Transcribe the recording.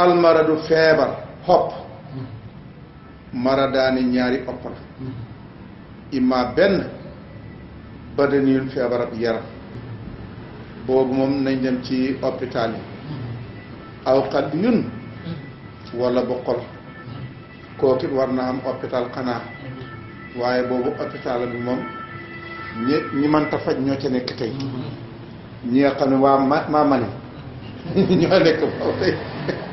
almaradu feebar xopp maradaani ñaari opp la imma benn badaniyun feebar ab yaram boobu moom nañ dem ci hôpital yi aw qalbiyun wala bu xol kookit war na am hôpital xanaa waaye boobu hôpital bi moom ñi ñi mënta faj ñoo ca nekk tey mm-hmm. ñi xam ne waa ma ñoo nekk foofu tey